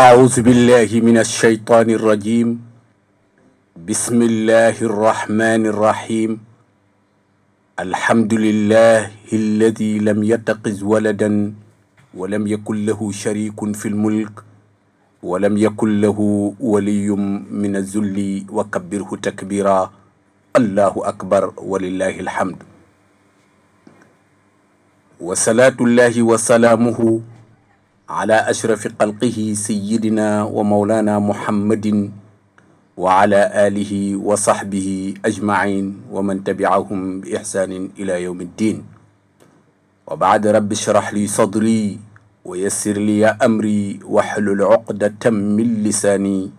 أعوذ بالله من الشيطان الرجيم بسم الله الرحمن الرحيم الحمد لله الذي لم يتقذ ولدا ولم يكن له شريك في الملك ولم يكن له ولي من الذل وكبره تكبيرا الله أكبر ولله الحمد وصلاة الله وسلامه على أشرف خلقه سيدنا ومولانا محمد وعلى آله وصحبه أجمعين ومن تبعهم بإحسان إلى يوم الدين وبعد رب اشرح لي صدري ويسر لي أمري واحلل عقدة من لساني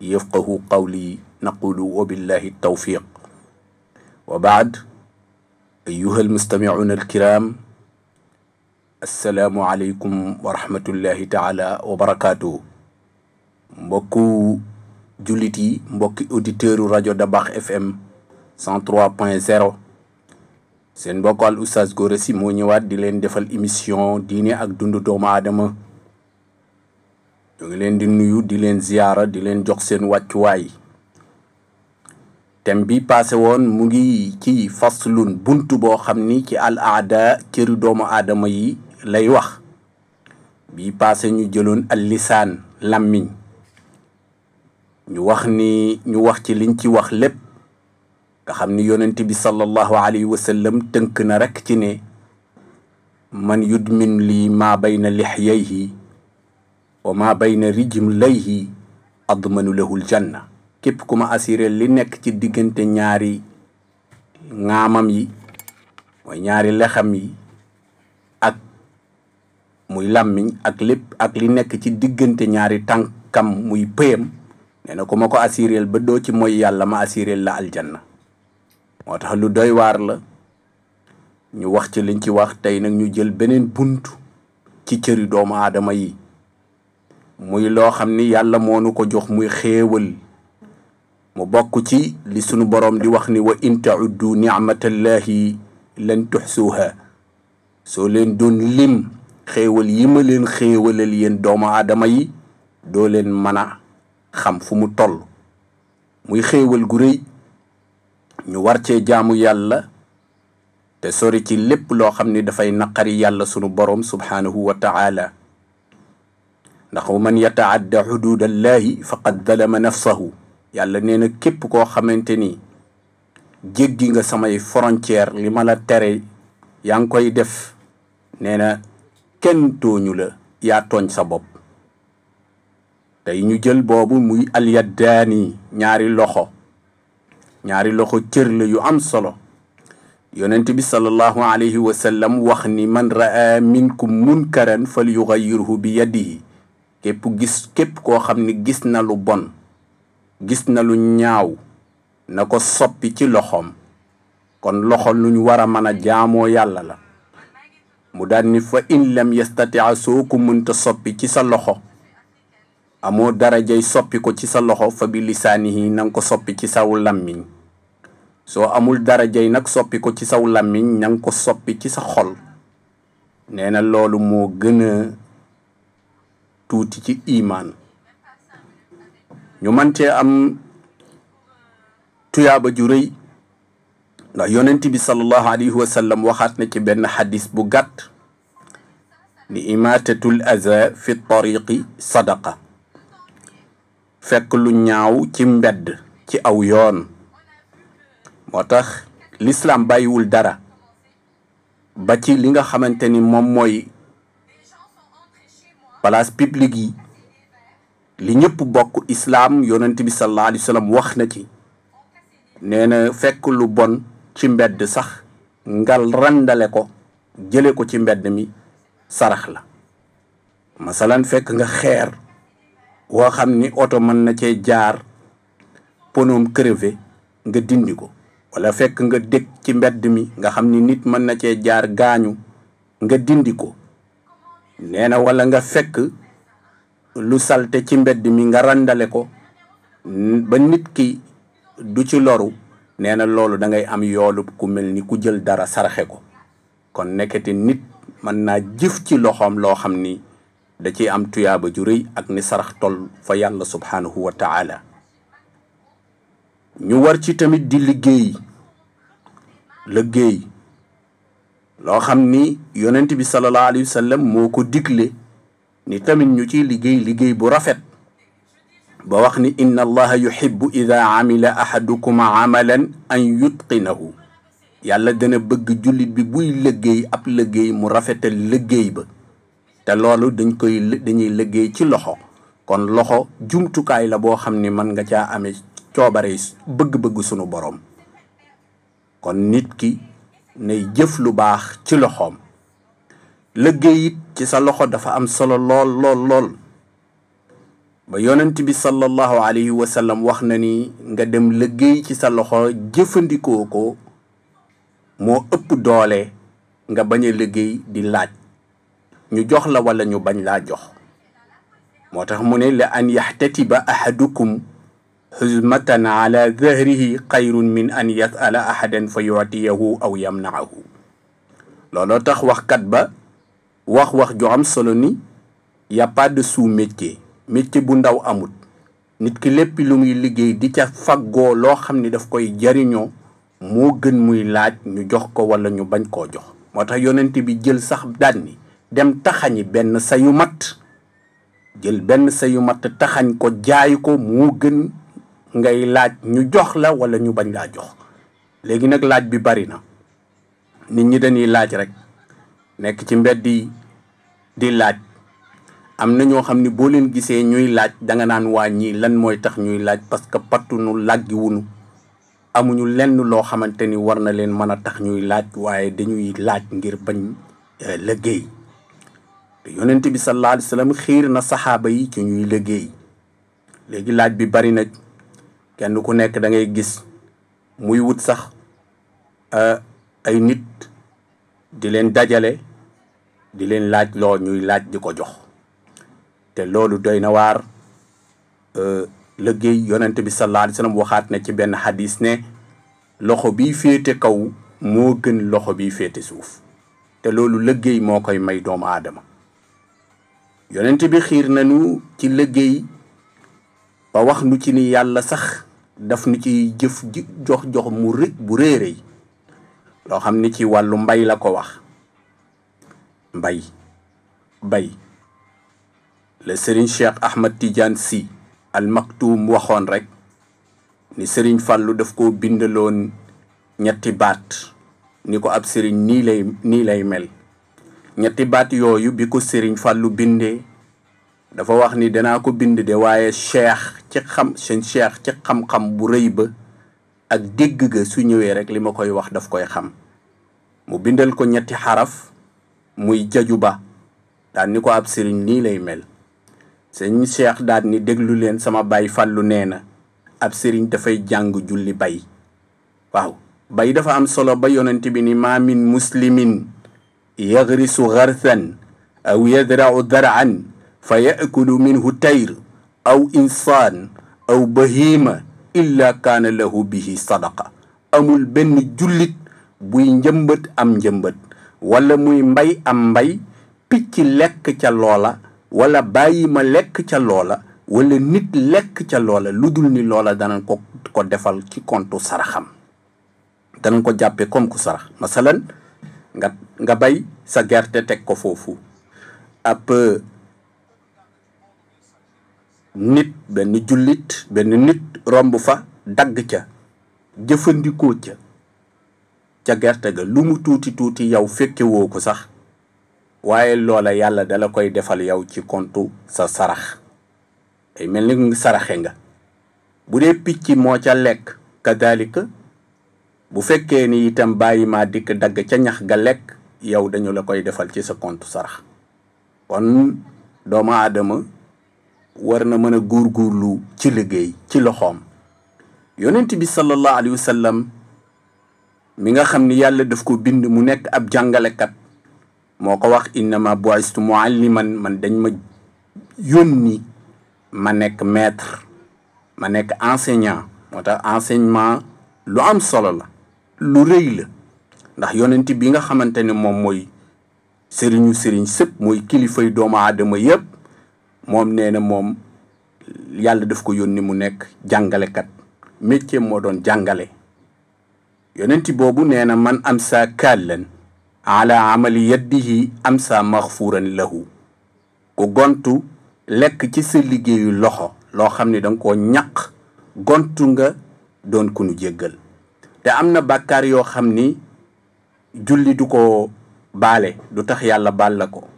يفقه قولي نقول وبالله التوفيق وبعد أيها المستمعون الكرام asalaamualeykum wa rahmatullahi taala wa barakaatu. mbokku jullit yi mbokki auditeurs u rajo Dabax FM 103.0 seen mbokk al oustaz Gora Sy moo ñëwaat di leen defal émission diine ak dundu doomu aadama ñu leen di nuyu di leen ziyaara di leen jox seen wàccuwaay thème bi passé woon mu ngi ci faslun bunt boo xam ni ci al aada cëri doomu aadama yi lay wax bi passé ñu jëloon al lisaan làmmiñ ñu wax ni ñu wax ci liñ ci wax lépp nga xam ni yonent bi sallallahu alayhi wa sallam tënk na rekk ci ne man yudmin lii maa bayna lixyayhi wa maa bayna rijlayhi admanu lahul janna képp ku ma assuré li nekk ci diggante ñaari ŋaamam yi mooy ñaari lexam yi muy làmmiñ ak lépp ak li nekk ci diggante ñaari kam muy pëyam nee na ku ma ko assureel ba doo ci mooy yàlla ma assureel la aljanna moo tax lu doy waar la ñu wax ci liñ ci wax tey nag ñu jël beneen bunt ci cëri doomu aadama yi muy loo xam ni yàlla moo nu ko jox muy xéewal mu bokk ci li sunu boroom di wax ni wa in tauddu nicmatallahi lan tuxsuuha soo leen doon lim xewal yi ma leen xéewalal yéen doomu aadama yi do len mana xam fu mu toll muy xewal gu reey ñu war ci jaamu yàlla te sori ci lépp lo xamni da fay naqari yàlla sunu borom subhanahu wa taala ndax man yataadda xuduud allaahi faqad zalama nafsahu yàlla neena kep ko xamanteni xamante jéggi nga samay frontière li mala tere yang koy def neena kenn tooñu la yaa tooñ sa bopp tey ñu jël boobu muy alyaddaani ñaari loxo ñaari loxo cër la yu am solo yonent bi sallallahu alayhi wa wax ni man raa minkum munkaran fal yughayyirhu bi yadihi képp gis képp koo xam ni gis na lu bon gis na lu ñaaw na ko soppi ci loxoom kon loxo luñ war a mën a jaamoo yàlla la mu daan ni fa in lam yastatia soo ko mënta soppi ci sa loxo amoo dara jay soppi ko ci sa loxo fa bi lisaanihi na nga ko soppi ci saw làmmiñ soo amul dara jay nag soppi ko ci saw làmmiñ na nga ko soppi ci sa xol nee na loolu moo gën a tuuti ci imaan ñu mantee am tuyaaba ju rëy ndax yonent bi sallallahu alayhi wa sallam waxaat na ci benn xadis bu gàtt ni imaatatul aza fi tariqi sadaqa fekk lu ñaaw ci mbedd ci aw yoon moo tax lislaam bàyyiwul dara ba ci li nga xamante ni moom mooy place yi li ñëpp bokk islaam yonent bi sallallahu alayhi wa wax na ci nee na fekk lu bon ci mbedd sax nga randale ko jële ko ci mbedd mi sarax la masalan fekk nga xeer woo xam ni oto mën na cee jaar ponoom crevé nga dindi ko wala fekk nga dëkk ci mbedd mi nga xam ni nit mën na cee jaar gaañu nga dindi ko nee wala nga fekk lu salte ci mbedd mi nga randale ko ba nit ki du ci loru nee na loolu dangay am yoolu ku mel ni ku jël dara saraxe ko kon nekkati nit mën naa jëf ci loxoom loo xam ni da ciy am tuyaaba ju ak ni sarax toll fa yàlla subhaanahu wa taala ñu war ci tamit di liggéey liggéey loo xam ni yonent bi sallallahu alayhi wa moo ko digle ni tamit ñu ciy liggéey liggéey bu rafet ba wax ni inna allaha yuhibbu ida amila ahadukum amalan an yutqinahu yàlla dana bëgg jullit bi buy liggéey ab liggéey mu rafetal liggéey ba te loolu dañ koy dañuy liggéey ci loxo kon loxo jumtukaay la boo xam ni mën nga caa amee coobare bëgg-bëgg sunu borom kon nit ki nay jëf lu baax ci loxoom liggéey it ci sa loxo dafa am solo lool lool lool ba yonent bi sallallahu alayhi wa sallam wax na ni nga dem liggéey ci sa loxo jëfandikoo ko moo ëpp doole nga bañ a liggéey di laaj ñu jox la wala ñu bañ laa jox moo tax mu ne la an yaxtatiba ahadukum xuzmatan ala dahrihi xayrun min an yasala ahadan fa yuatiyahu aw yamnaahu looloo tax waxkat ba wax wax ju solo ni y a pas de métier bu ndaw amut nit ki lépp lu muy liggéey di ca faggoo loo xam ni daf koy jariñoo moo gën muy laaj ñu jox ko wala ñu bañ koo jox moo tax yonent bi jël sax daan ni dem taxañi benn sa yu matt jël benn sa yu matt taxañ ko jaay ko moo gën ngay laaj ñu jox la wala ñu bañ laa jox léegi nag laaj bi bari na nit ñi dañuy laaj rek nekk ci mbedd yi di laaj am na ñoo xam ne boo leen gisee ñuy laaj danga naan waa ñii lan mooy tax ñuy laaj parce que pattunu làggi wunu amuñu lenn loo xamante ni war na leen mën a tax ñuy laaj waaye dañuy laaj ngir bañ euh, liggéey te yonent bi sallallahu alayhi wa sallam xiir na saxaaba yi ci ñuy liggéey léegi laaj bi bari nag kenn ku nekk dangay gis muy wut sax euh, ay nit di leen dajale di leen laaj loo ñuy laaj di ko jox te loolu doy na waar euh, liggéey yonent bi sallallahu alayhi wa sallam waxaat na ci benn xadis ne loxo bi féete kaw moo gën loxo bi féete suuf te loolu liggéey moo koy may doomu aadama yonent bi xiir nañu ci liggéey ba wax nu ci ni yàlla sax daf nu ci jëf ji jox jox mu rëj bu réerëy loo xam ni ci wàllu mbay la ko wax mbay bay le Serigne Cheikh Ahmad Tidiane Sy al maktuum waxoon rek ni sëriñ fàllu daf ko bindaloon ñetti baat ni ko ab sëriñ nii lay nii lay mel ñetti baat yooyu bi ko sëriñ Fallou bindee dafa wax ni danaa ko bind de waaye cheikh ci xam seen cheikh ci xam-xam bu rëy ba ak dégg ga su ñëwee rek li ma koy wax daf koy xam mu bindal ko ñetti xaraf muy jaju ba daan ni ko ab sëriñ nii lay mel sëñ Cheikh daal ni déglu leen sama baay fàllu nee na ab sëriñ dafay jàng julli bay waaw bay dafa am solo ba yonent bi ni maa min muslimin yagrisu garsan aw yadrau daraan fa yakulu minhu tayr aw insaan aw bahima illa kaana lahu bihi sadaqa amul benn jullit buy njëmbat am njëmbët walla muy mbay am mbay picc lekk ca loola wala bàyyi ma lekk ca loola wala nit lekk ca loola lu dul ni loola dana ko ko defal ci kontu saraxam danañ ko jàppee comme ku sarax masalan nga nga bay sa gerte teg ko foofu ab euh, nit benn jullit benn nit romb fa dagg ca jëfandikoo ca ca gerte ga lu mu tuuti tuuti yow fekke ko sax waaye loola yàlla dala koy defal yow ci kontu sa sarax day mel ni saraxe nga bu dee picc moo ca lekk kadalika bu fekkee ni itam bàyyi ma dikk dagg ca ñax ga lekk yow dañu la koy defal ci sa kontu sarax kon doomu aadama war na mën a góorgóorlu ci liggéey ci loxoom yonent bi sallallahu alayhi wa sallam mi nga xam ni yàlla daf ko bind mu nekk ab jàngalekat moo ko wax innama bu'istu mualliman man man dañ ma yónni ma nekk maître ma nekk enseignant moo tax enseignement lu am solo la lu rëy la ndax yonent bi nga xamante ne moom mooy sëriñu sëriñ sëpp mooy kilifay doomu aadama yëpp moom nee na moom yàlla daf ko yónni mu nekk kat métier moo doon jàngale yonent boobu nee na man am sa kàllan ala amali yaddihi am sa maxfuuran lahu ku gontu lekk ci sa liggéeyu loxo loo xam ne danga ko ñaq gontu nga doon ku nu jéggal te am na bàkkaar yoo xam ni julli du ko baale du tax yàlla baal la ko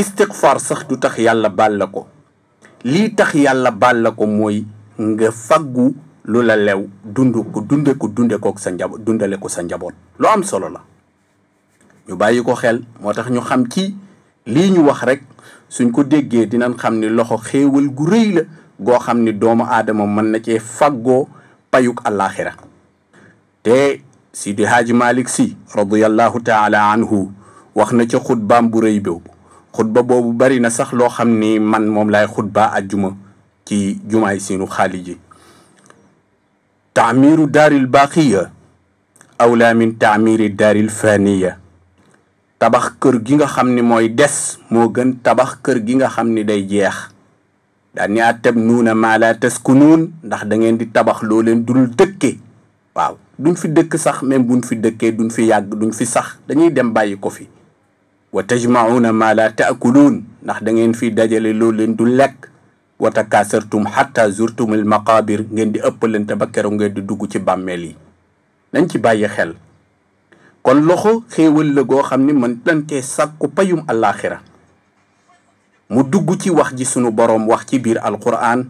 istigfaar sax du tax yàlla baal la ko lii tax yàlla baal la ko mooy nga faggu lu la lew dund ko dunde ku dunde kook sa njaboot dundale ko sa njaboot lu am solo la ñu bàyyi ko xel moo tax ñu xam ci lii ñu wax rekk suñ ko déggee dinañ xam ni loxo xéewal gu rëy la goo xam ni doomu aadama mën na cee faggoo payuk àllaaxira te Sidi Haaji Malik Si radiyallahu taala anhu wax na ca xutbaam bu rëy boobu xutba bari na sax loo xam ni man moom laay xutba ajjuma ci jumaay siinu xaali ji taamiru daaril baaqiya awla min daaril faniya tabax kër gi nga xam ni mooy des moo gën tabax kër gi nga xam ni day jeex daan ni atabnuuna maa ku taskunuun ndax da ngeen di tabax loo leen dul dëkke waaw duñ fi dëkk sax même buñ fi dëkkee duñ fi yàgg duñ fi sax dañuy dem bàyyi ko fi wa tajmauna maa ku taakuluun ndax da ngeen fi dajale loo leen dul lekk wa takaasartum xatta zurtumul maqaabir ngeen di ëppalante ba keroog ngeen di dugg ci bàmmeel yi dañ ci bàyyi xel kon loxo xéewal la goo xam ni mën tantee sàkku payum àllaaxira mu dugg ci wax ji sunu boroom wax ci biir alquraan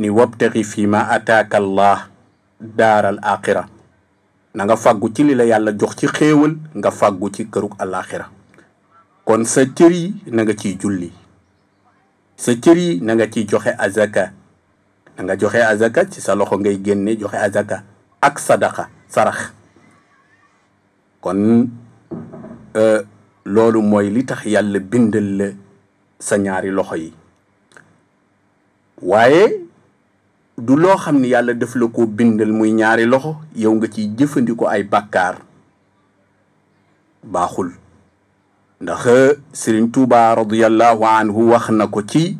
ni wabtaxi fii ma ataaka allah daaral aaxira na nga ci li la yàlla jox ci xéewal nga fàggu ci kërug àllaaxira kon sa cër yi na nga ciy julli sa cër yi na nga ciy joxe azaka na joxe azaka ci sa loxo ngay génne joxe azaka ak sadaka sarax kon euh lolu moy li tax yàlla bindal le sa ñaari loxo yi waye du lo xamni yàlla def la ko bindal muy ñaari loxo yow nga ci jëfëndiko ay bakkar baxul ndax serigne touba radiyallahu anhu waxna ko ci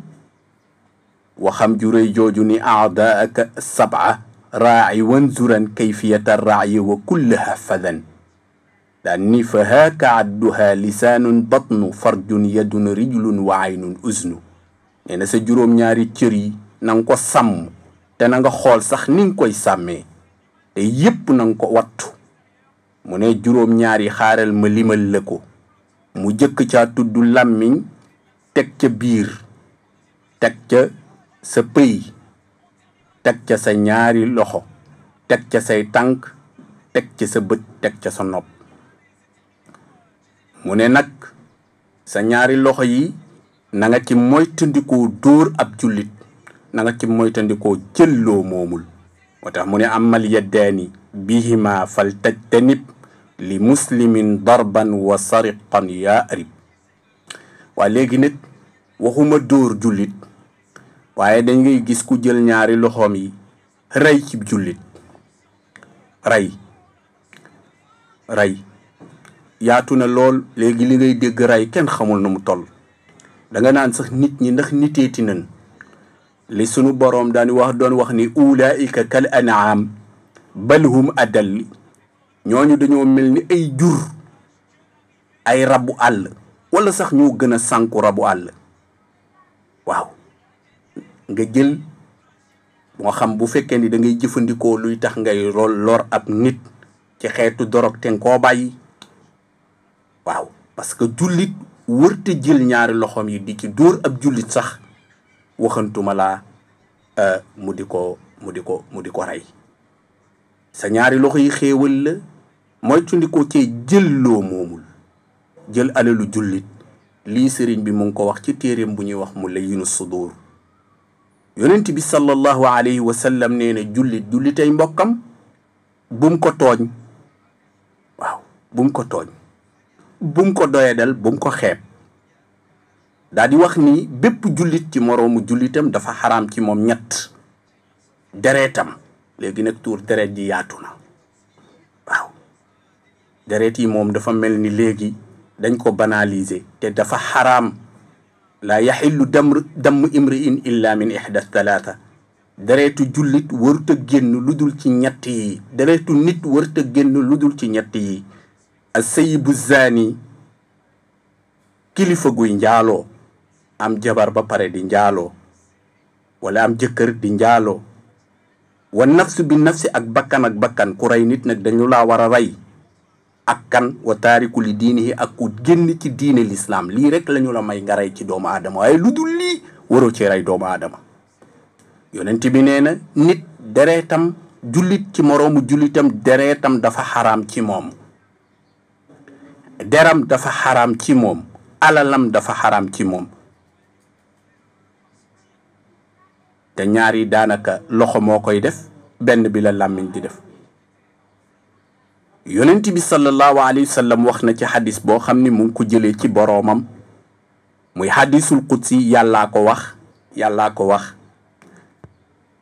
waxam ju réy jooju ni aadaaka sab'a raaci wanzuran kayfiyata raayi wa kullaha fadan daan ni fa haaka adduha lisaanun batnu farjun yadun rijlun wa aynun usnu nee sa juróom-ñaari cër yi na ko sàmm te nanga xool sax ni nga koy sàmmee te yépp na ko wattu mu ne juróom-ñaari xaaral ma limal la ko mu jëkk caa tudd làmmiñ teg ca biir teg ca sa pëy teg ca sa ñaari loxo teg ca say tànk teg ca sa bët teg ca sa nopp mu ne nag sa ñaari loxo yi nanga nga ci moytandikoo dóor ab jullit na ci moytandikoo jël moomul moo tax mu ne am amal yaddaani bihima fal tajtanib li muslimin darban wa sariqan yaa arib waa léegi nag waxuma dóor jullit waaye dañ ngay gis ku jël ñaari loxoom yi rey ci jullit rey rey yaatu na lool léegi li ngay dégg ray kenn xamul nu mu toll danga naan sax nit ñi ndax niteeti nan li sunu boroom daan wax doon wax ni ulaika kal anaam bal li ñoo ñu dañoo mel ni ay jur ay rabu àll wala sax ñoo gën a sànku rabu àll waaw nga jël moo xam bu fekkee ni dangay jëfandikoo luy tax ngay lool lor ab nit ci xeetu dorog te koo bàyyi waaw parce que jullit wërte jël ñaari loxoom yi di ci dóor ab jullit sax waxantuma laa euh, mu di ko mu di ko mu di ko rey sa ñaari loxo yi xéewal la moytundikoo cee jël loo moomul jël alalu jullit lii sëriñ bi mu ngi ko wax ci téeréem bu ñuy wax mu layyinu sudur yonent bi sallallahu alayhi wa sallam nee na jullit jullitay mbokkam bum ko tooñ waaw bum ko tooñ bum ko doyadal bum ko xeeb daal di wax ni bépp jullit ci moroomu jullitam dafa xaraam ci moom ñett dereetam léegi nag tuur dereet ji yaatu na waaw yi moom dafa mel ni léegi dañ ko banaliser te dafa xaraam laa yaxillu dam damm imri in illa min ihda talaata dereetu jullit warut a génn lu ci ñett yi dereetu nit warut a génn lu dul ci ñett yi sëy bu zaani kilifa guy njaaloo am jabar ba pare di njaaloo walla am jëkkër di njaaloo wa nafsu bi nafsi ak bakkan ak bakkan ku rey nit nag dañu la war a rey ak kan wa taariku li diinihi ak ku génn ci diine lislaam lii rek lañu la may nga rey ci doomu aadama waaye lu dul lii waroo ci doomu aadama yonent bi nee na nit dereetam jullit ci moroomu jullitam dereetam dafa xaraam ci moom deram dafa xaram ci moom alalam dafa xaram ci moom te ñaari yi daanaka loxo moo koy def benn bila la làmmiñ di def yonent bi sallallahu alayhi wa sallam wax na ci xadis boo xam ni mu ngi ko jëlee ci boroomam mooy xadisul qudsi yàllaa ko wax yàllaa ko wax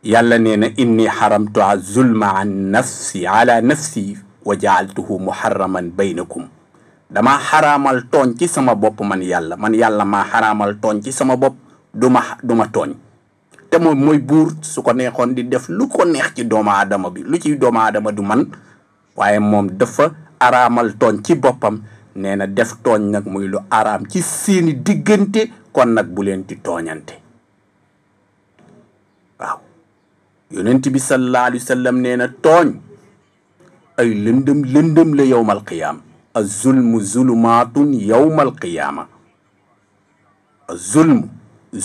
yàlla nee na inni xaramtu zulma an nafsi ala nafsi wa jaaltuhu muharraman baynakum dama xaraamal tooñ ci sama bopp man yàlla man yàlla ma xaraamal tooñ ci sama bopp du ma du ma tooñ te moom mooy buur su ko neexoon di def lu ko neex ci doomu aadama bi lu ci doomu aadama du man waaye moom dafa araamal tooñ ci boppam nee na def tooñ nag muy lu araam ci seeni diggante kon nag bu leen di tooñante waaw yonent bi sallallahu alayhi wa nee na tooñ ay lëndëm lëndëm la yowmal qiyaam azulmu zulumaatun yawmal qiyaama azulmu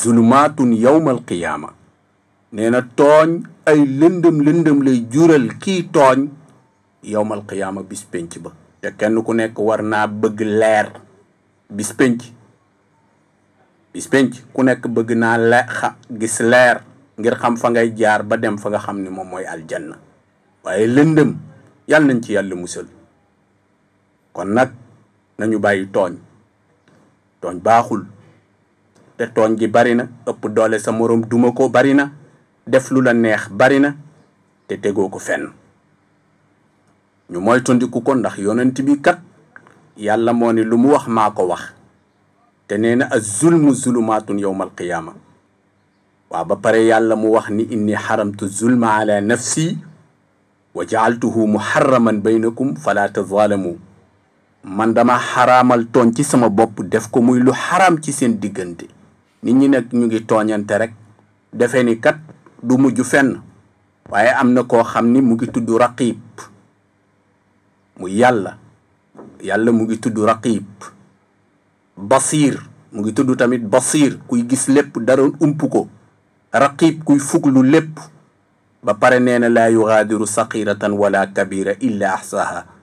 zulumaatun yawmal qiyaama nee na tooñ ay lëndëm lëndëm lay jural kii tooñ yawmal qiyaama bis pénc ba te kenn ku nekk war naa bëgg leer bis pénc bis pénc ku nekk bëgg naa le gis leer ngir xam fa ngay jaar ba dem fa nga xam ni moom mooy aljanna waaye lëndëm yàlla nañ ci yàlla musal kon nag nañu bàyyi tooñ tooñ baaxul te tooñ gi bari na ëpp doole sa moroom duma ko bari na def lu la neex bari na te tegoo ko fenn ñu moytandiku ko ndax yonent bi kat yàlla moo lu mu wax maa ko wax te nee na az zulmu zulumaatun yowmal qiyaama waaw ba pare yàlla mu wax ni inni xaramtu zulma ala nafsi wa jaaltuhu muharraman baynakum fala tazalamu man dama xaramal tooñ ci sama bopp def ko muy lu xaraam ci seen diggante nit ñi nekk ñu ngi tooñante rek defe ni kat du mujj fenn waaye am na koo xam ni mu ngi tudd raqib mu yàlla yàlla mu ngi tudd raqib basiir mu ngi tudd tamit basiir kuy gis lépp dara ump ko raqib kuy fuglu lépp ba pare nee na laa yugaadiru saqiratan wala kabira illa ahsaha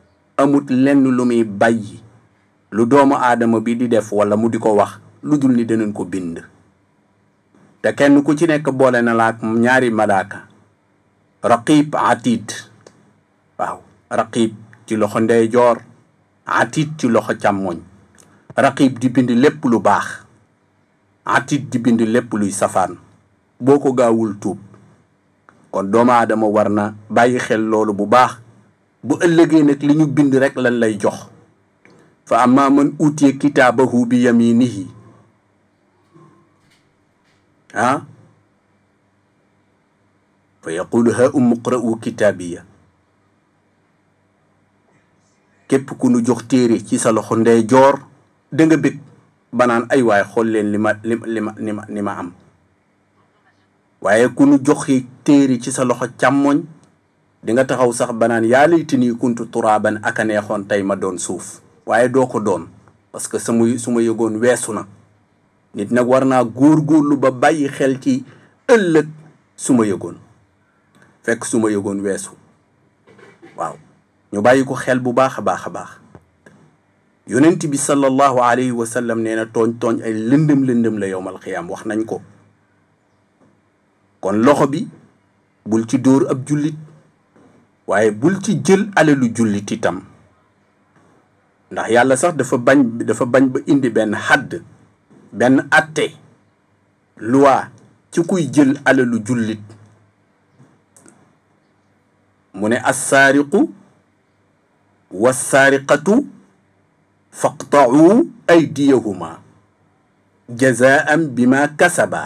amut lenn lu muy bayyi lu doomu aadama bi di def wala mu di ko wax lu dul ni danañ ko bind te kenn ku ci nekk boole na laak ñaari malaaka raqib atid waaw raqib ci loxo ndeyjoor atid ci loxo càmmoñ raqib di bind lépp lu baax atid di bind lépp luy safaan boo ko gaawul tuub kon doomu aadama war na xel loolu bu baax bu ëllëgee nag li bind rekk lan lay jox fa amma man utiya kitaabahu bi yaminihi ah fa yaqulu ha um iqra'u kitaabiya képp ku nu jox téere ci sa loxo ndeyjoor danga nga banaan ay waay xool leen li ma am waaye ku nu joxi téere ci sa loxo càmmoñ di nga taxaw sax banaan yaa te nii kuntu turaaban ak a neexoon tey ma doon suuf waaye doo ko doon parce que su su ma yëgoon weesu na nit nag war naa góor góor lu ba bàyyi xel ci ëllëg su ma yëgoon fekk su ma yëgoon weesu waaw ñu bàyyi ko xel bu baax a baax a baax yonent bi sallallahu alayhi wa sallam nee na tooñ tooñ ay lëndëm lëndëm la yowmal xiyaam wax nañ ko kon loxo bi bul ci dóor ab jullit waaye bul ci jël alalu jullit itam ndax yàlla sax dafa bañ ba indi benn xadd benn atte loi cikuy jël alalu jullit mu ne assaariqu wassaariqatu faqta'u aydiyahuma jazaan bima kasaba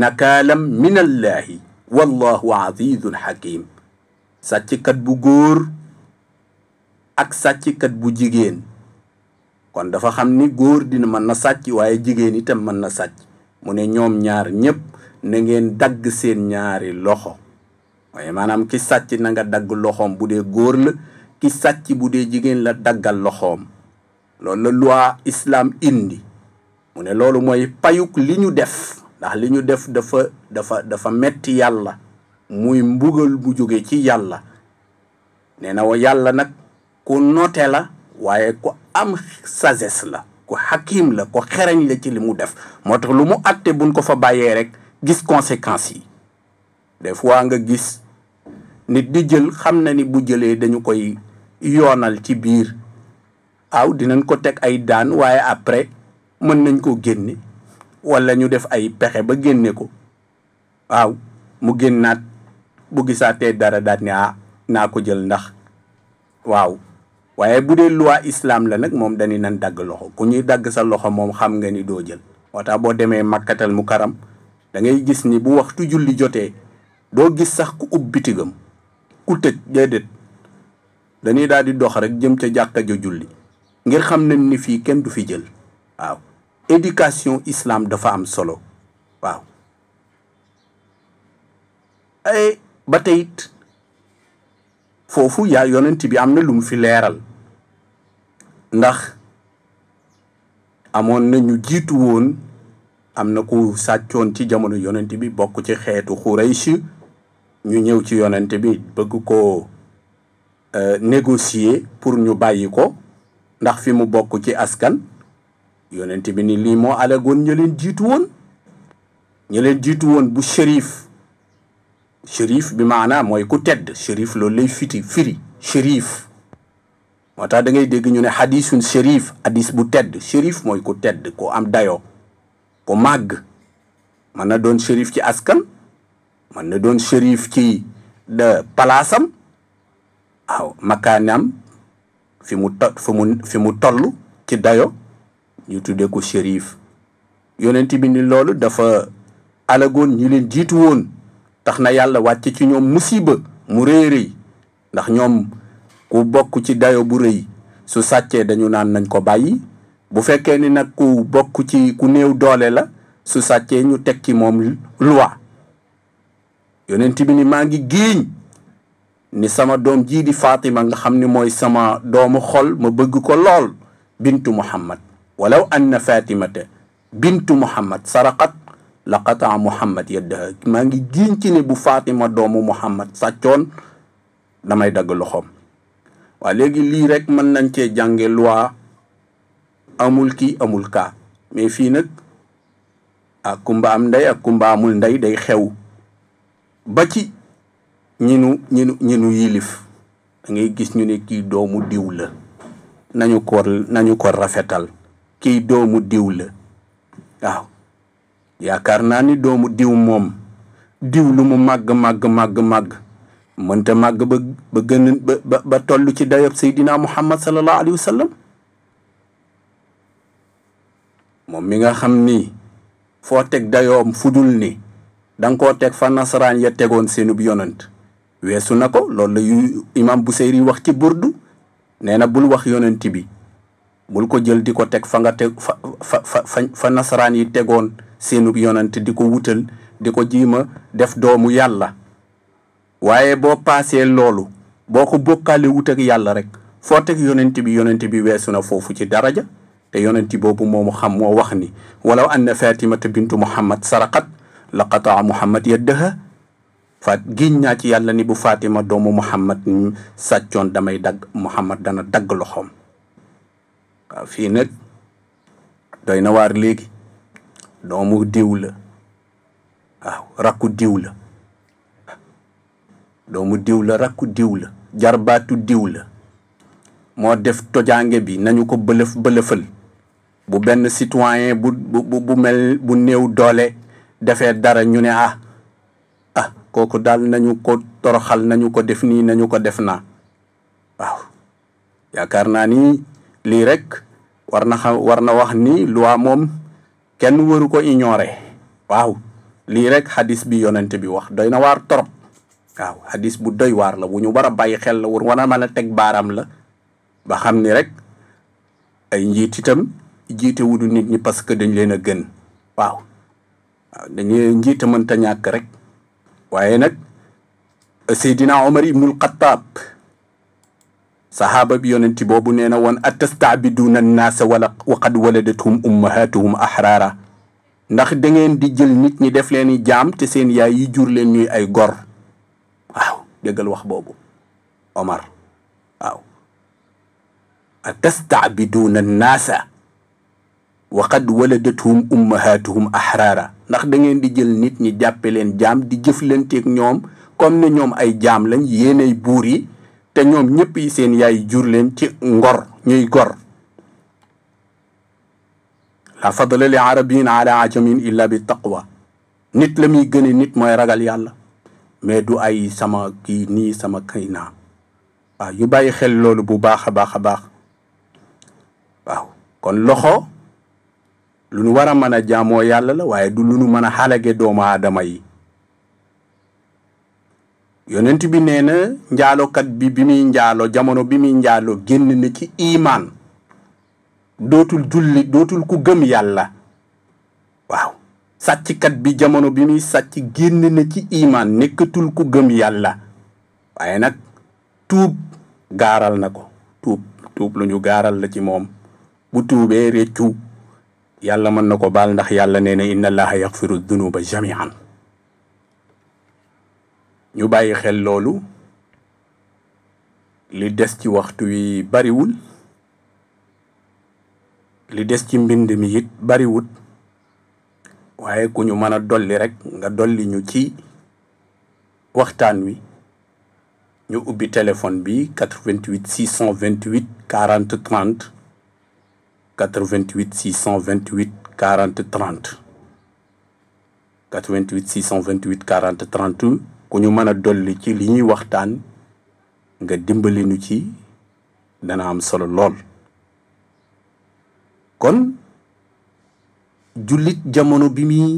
nakaalam min allaahi wallahu azizun hakim sàcckat bu góor ak sàcckat bu jigéen kon dafa xam ni góor dina mën na sàcc waaye jigéen itam mën na sàcc mu ne ñoom ñaar ñépp na ngeen dagg seen ñaari loxo waaye maanaam ki sàcc na nga dagg loxoom bu dee góor la ki sàcc bu dee jigéen la daggal loxoom lool la loi islam indi mu ne loolu mooy payuk li ñu def ndax li ñu def dafa dafa dafa metti yàlla muy mbugal bu jóge ci yàlla nee na yàlla nag ku note la waaye ku am sagesse la ku xakim la ku xereñ la ci li mu def moo tax lu mu atte buñ ko fa bàyyee rek gis conséquences yi des fois nga gis nit di jël xam na ni bu jëlee dañu koy yoonal ci biir aw dinañ ko teg ay daan waaye après mën nañ ko génne walla ñu def ay pexe ba génne ko waaw mu génnaat bu gisaatee dara daal ni ah naa ko jël ndax waw waye bu loi islam la nak mom dañi nan dag loxo ku ñuy dag sa loxo mom xam nga ni do jël wata bo démé makkatal mukaram karam da ngay gis ni bu waxtu julli joté do gis sax ku ub bitigam ku tej dedet dañi dal di dox rek jëm ci jakka julli ngir xam nañ ni fi kenn du fi jël waw éducation islam dafa am solo waw ay ba teyit foofu yaa yonent bi am na lu fi leeral ndax amoon na ñu jiitu woon am na ku sàccoon ci jamono yonent bi bokk ci xeetu Xuraysh ñu ñëw ci yonent bi bëgg ko e, négocier pour ñu bàyyi ko ndax fi mu bokk ci askan yonent bi ni lii moo alagoon ñu leen jiitu woon ñu leen jiitu woon bu shérif shérif bi maanaa mooy ku tedd shérif loolu lay fiti firi shérif moo tax da ngay dégg ñu ne xadisun shérif adiis bu tedd shérif mooy ku tedd ku am dayo ko màgg mën na doon shérif ci askan mën na doon shérif ci de palaasam waaw makaanam fi mu fi mu tollu mu ci dayo ñu tuddee ko shérif yonent bi ni loolu dafa alagoon ñu leen jiitu woon tax na yàlla wàcc ci ñoom musiba mu rëy rëy ndax ñoom ku bokk ci dayo bu rëy su sàccee dañu naan nañ ko bàyyi bu fekkee ni nag ku bokk ci ku néew doole la su sàccee ñu teg ci moom loi yonent bi ni maa ngi géeñ ni sama doom jii di Fatima nga xam ni mooy sama doomu xol ma bëgg ko lool bintu Muhammad walaw anna Fatimata bintu Muhammad saraqat laqataa muhammad yeddaha maa ngi jiiñ ci ne bu faatima doomu muhammad sàccoon damay dagg loxoom waa léegi lii rek mën nañ cee jànge loi amul kii amul kaa mais fii nag ak kumba am ndey ak kumba amul ndey day xew ba ci ñi nu ñi nu ñi nu yilif da ngay gis ñu ne kii doomu diw la nañu ko nañu ko rafetal kii doomu diw la waaw yaakaar naa ni doomu diw moom diw lu mu màgg màgg màgg màgg mënta màgg ba ba gën ba ba toll ci dayob seydina muhammad sallallahu alayhi wa moom mi nga xam ni foo teg dayoom fudul ni danga ko teg fa nasaraan ya tegoon seenub yonent weesu na ko loolu la yu imam Buseyri wax ci burdu nee na bul wax yonent bi bul ko jël di ko teg fa nga teg fa nasaraan yi tegoon seenub yonante di ko wutal di ko jiima def doomu yàlla waaye boo paasee loolu boo ko bokkaale wut ak yàlla rek foo teg yonent bi yonent bi weesu na foofu ci daraja te yonent boobu moomu xam moo wax ni walaw anna fatimata bintu muhammad saraqat la qataa muhammad yaddaha faat giñ naa ci yàlla ni bu fatima doomu muhammad sàccoon damay dagg muhammad dana dagg loxoom waaw fii nag doy na waar léegi doomu diw la waaw rakku diw la doomu diw la rakku diw la jarbaatu diw la moo def tojaange bi nañu ko bëlëf bëlëfal bu benn citoyen bu bu mel bu néew doole defee dara ñu ne ah ah kooku daal nañu ko toroxal nañu ko def nii nañu ko def naa waaw yaakaar naa ni lii rek war na wax ni loi moom kenn waru ko ignorer waaw lii rek hadis bi yonent bi wax doy na waar trop waaw hadis bu doy waar la bu ñu war a bàyyi xel la war war a mën a teg baaraam la ba xam ni rek ay njiit itam jiite wudu nit ñi parce que dañ leen a gën waaw waaw dañuy njiita mënta ñàkk rek waaye nag Seydina Omar ibnul Xattaab sahaaba bi yonenti boobu nee na woon atastaabiduuna annaasa wala wa qad waladathum ummahatuhum ahraara ndax da di jël nit ñi def leen i jaam te seen yaay yi jur leen ñuy ay gor waaw déggal wax boobu Omar waaw atastaabiduuna annaasa wa qad waladathum ummahatuhum ahraara ndax da ngeen di jël nit ñi jàppe leen jaam di jëflanteeg ñoom kom ne ñoom ay jaam lañ yéenay buur yi te ñoom ñëpp yi seen yaay jur leen ci ngor ñuy gor la fadla li arabiin ala ajamin illa bi taqwa nit la muy gëne nit mooy ragal yàlla mais du ay sama kii nii sama kay naa yu bàyyi xel loolu bu baax a baax a baax waaw kon loxo lu nu war a mën a jaamoo yàlla la waaye du lu nu mën a xalage doomu aadama yi yonent bi nee na njaalokat bi bi muy njaalo jamono bi muy njaalo génn ci imaan dootul julli dootul ku gëm yàlla waaw sàcckat bi jamono bi muy sàcc génn na ci imaan nekkatul ku gëm yàlla waaye nag tuub gaaral na ko tuub tuub lu ñu gaaral la ci moom bu tuubee réccu yàlla man na ko baal ndax yàlla nee na inna allaha yaxfiru dunuba jamian ñu bàyyi xel loolu li des ci waxtu wi bariwul li des ci mbind mi it bariwut waaye ku ñu mën a dolli rek nga dolli ñu ci waxtaan wi ñu téléphone bi 88 628 40 30 88 628 40 30 88 628 40 30 ku ñu mën a dolli ci li ñuy waxtaan nga dimbali nu ci dana am solo lool kon jullit jamono bi muy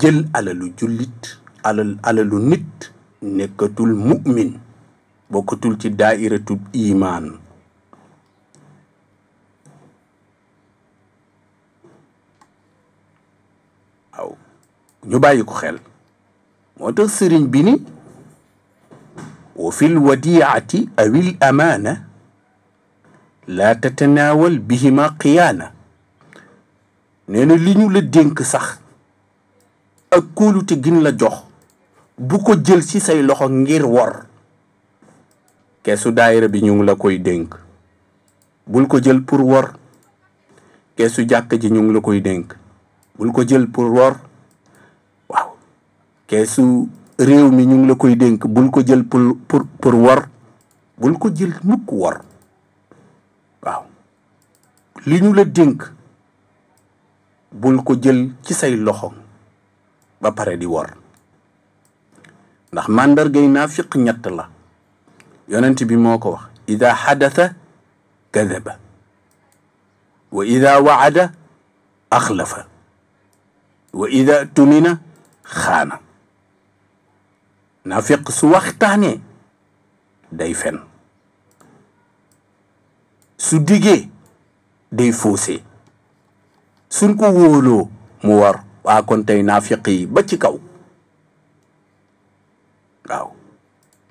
jël alalu jullit alal alalu nit nekkatul mu'min bokkatul ci daairatul imaan waaw ñu bàyyi ko xel moo sëriñ bi ni wa fi lwadiati aw il amaana laa tatanaawal bihima xiyaana nee na li ñu la dénk sax ak kóolute gin la jox bu ko jël ci say loxo ngir wor keesu daayira bi ñu ngi la koy dénk bul ko jël pour wor keesu jàkk ji ñu ngi la koy dénk bul ko jël pour wor keesu réew mi ñu ngi la koy dénk bul ko jël pour pour pour war bul ko jël mukk war waaw li ñu la dénk bul ko jël ci say loxo ba pare di war ndax màndargay naafiq ñett la yonent bi moo ko wax ida xadata kadaba wa ida waada axlafa wa ida tumina xaana naafiq su waxtaanee day fen su digee day faussé suñ ko wóoloo mu war waa kon tey naafiq yi ba ci kaw waaw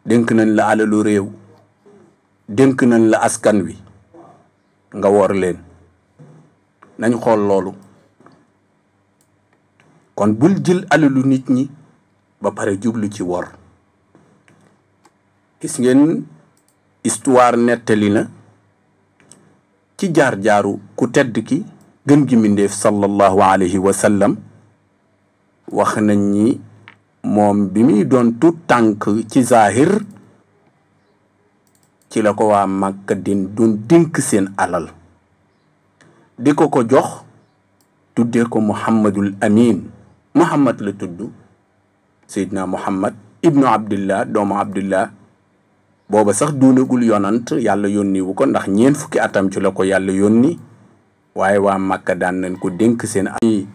dënk nañ la alalu réew dénk nañ la askan wi nga wor leen nañ xool loolu kon bul jël alalu nit ñi ba pare jublu ci wor gis ngeen histoire nettali na ci jaar-jaaru ku tedd ki gën gi mbindéef sallallahu alayhi wa wax nañ ni moom bi muy doon tut tànk ci zahir ci la ko waa Màkka din doon dénk seen alal di ko ko jox tuddee ko Muhammadul Amin Muhammad la tudd Seydina Muhammad ibnu Abdillah doomu Abdillah booba sax duunagul yonant yàlla yónni ko ndax ñeent fukki atam ci la ko yàlla yónni waaye waa Màkka daan nañ ko dénk seen ami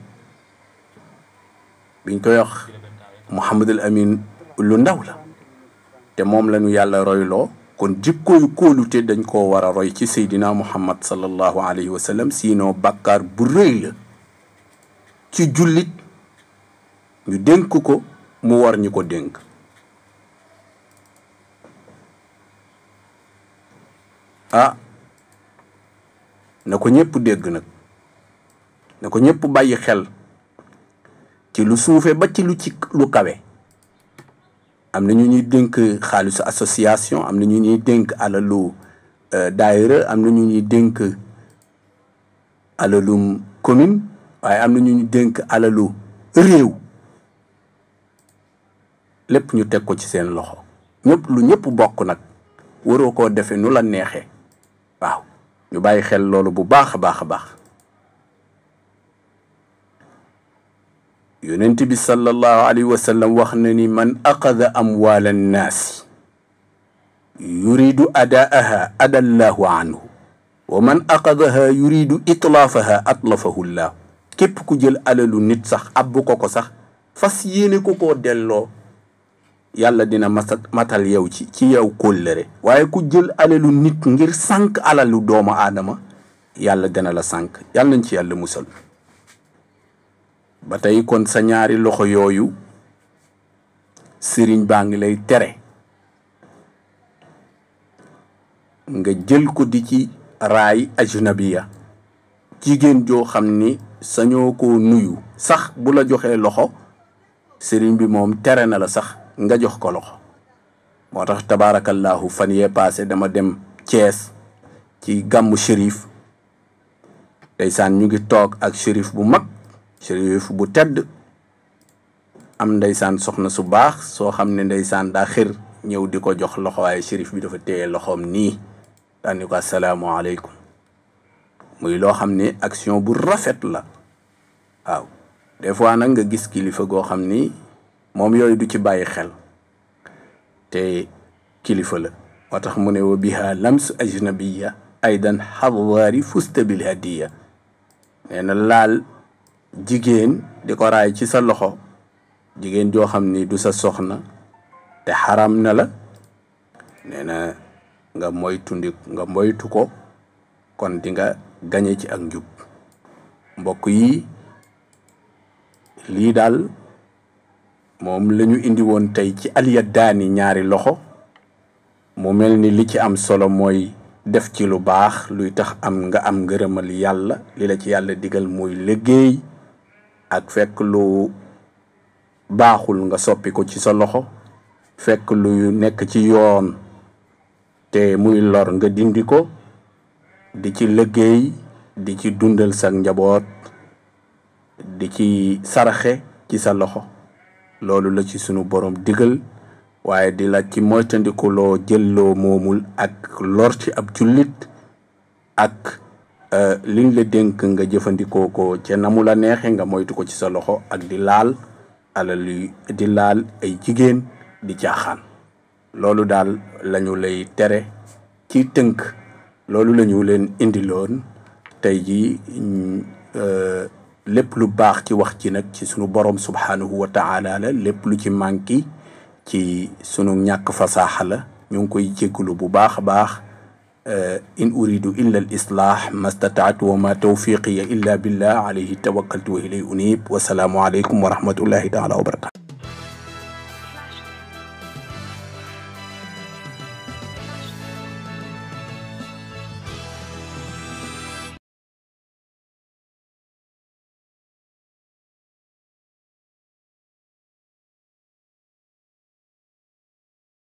biñ koy wax Mouhamadul Amin lu ndaw la te moom lañu yàlla royloo kon jikkooy kóolute dañ koo war a roy ci seydina muhammad sallallahu alayhi wa sallam sinon bàkkaar bu rëy la ci jullit ñu dénk ko mu war ñu ko dénk ah na ko ñëpp dégg nag na ko ñépp bàyyi xel ci lu suufee ba ci lu ci lu kawe am na ñu ñuy dénk xaalisu association am na ñu ñuy dénk alalu euh, daayira am na ñu ñuy dénk alalum commune waaye am na ñu ñu dénk alalu réew lépp ñu teg ko ci seen loxo ñépp lu ñëpp bokk nag waroo ko defe nu la neexee waaw ñu bàyyi xel loolu bu baax a baax a baax yonent bi sallallahu alayhi wa sallam wax na ni man aqada amwaala annaasi yuridu adaaha adallahu anhu wa man aqadaha yuridu itlaafaha atlafahu llahu képp ku jël alalu nit sax abbu ko ko sax fas yéene ko koo delloo yàlla dina matal yow ci ci yow kóllëre waaye ku jël alalu nit ngir sànq alalu doomu aadama yàlla dina la sànq yàlla nañ ci yàlla musal ba tey kon sa ñaari loxo yooyu sëriñ baa ngi lay tere nga jël ko di ci raay ajnabiya jigéen joo xam ni sañoo ko nuyu sax bu la joxee loxo sëriñ bi moom tere na la sax nga jox ko loxo moo tax tabaarakallaahu fan yee passé dama dem Thiès ci gàmmu shérif ndeysaan ñu ngi toog ak shérif bu mag shérif bu tedd am ndeysaan soxna su baax soo xam ne ndeysaan daa xir ñëw di ko jox loxo waaye shérif bi dafa téye loxoom nii daan ni ko asalaamaaleykum muy loo xam ne action bu rafet la waaw des fois gis kilifa goo xam ni moom yooyu du ci bàyyi xel te kilifa la moo tax mu ne wa biha lams ajnabiya aydan xadwaari fusta bil hadiya nee na laal jigéen di ko ci sa loxo jigéen joo xam ni du sa soxna te xaram na la nena na nga moytundi nga moytu ko kon dinga nga gañe ci ak njub mbokk yi daal moom lañu ñu indi woon tey ci alyadaani ñaari loxo mu mel ni li ci am solo mooy def ci lu baax luy tax am nga am ngërëmal yàlla li la ci yàlla digal muy liggéey ak fekk lu baaxul nga soppi ko ci sa loxo fekk lu nekk ci yoon te muy lor nga dindi ko di ci liggéey di ci dundal sa njaboot di ci saraxe ci sa loxo loolu la ci sunu boroom digal waaye di la ci moytandiku jël loo moomul ak lor ci ab jullit ak euh, liñ la dénk nga jëfandikoo ko ca namu la neexee nga moytu ko ci sa loxo ak di laal alal yu di laal ay jigéen di caaxaan loolu daal lañu lay tere ci tënk loolu lañu leen indiloon tey ji euh, lépp lu baax ci wax ci nag ci sunu borom subhaanahu wa taala la lépp lu ci manqué ci sunu ñàkk fasaaxa la ñu ngi koy jégalu bu baax a baax eh, in uridu illa al islaah mastataatu wa ma tawfiqiya illa billah alayhi tawakkaltu wa ilay unib wasalaamu aleykum wa rahmatullahi taala wa barakatu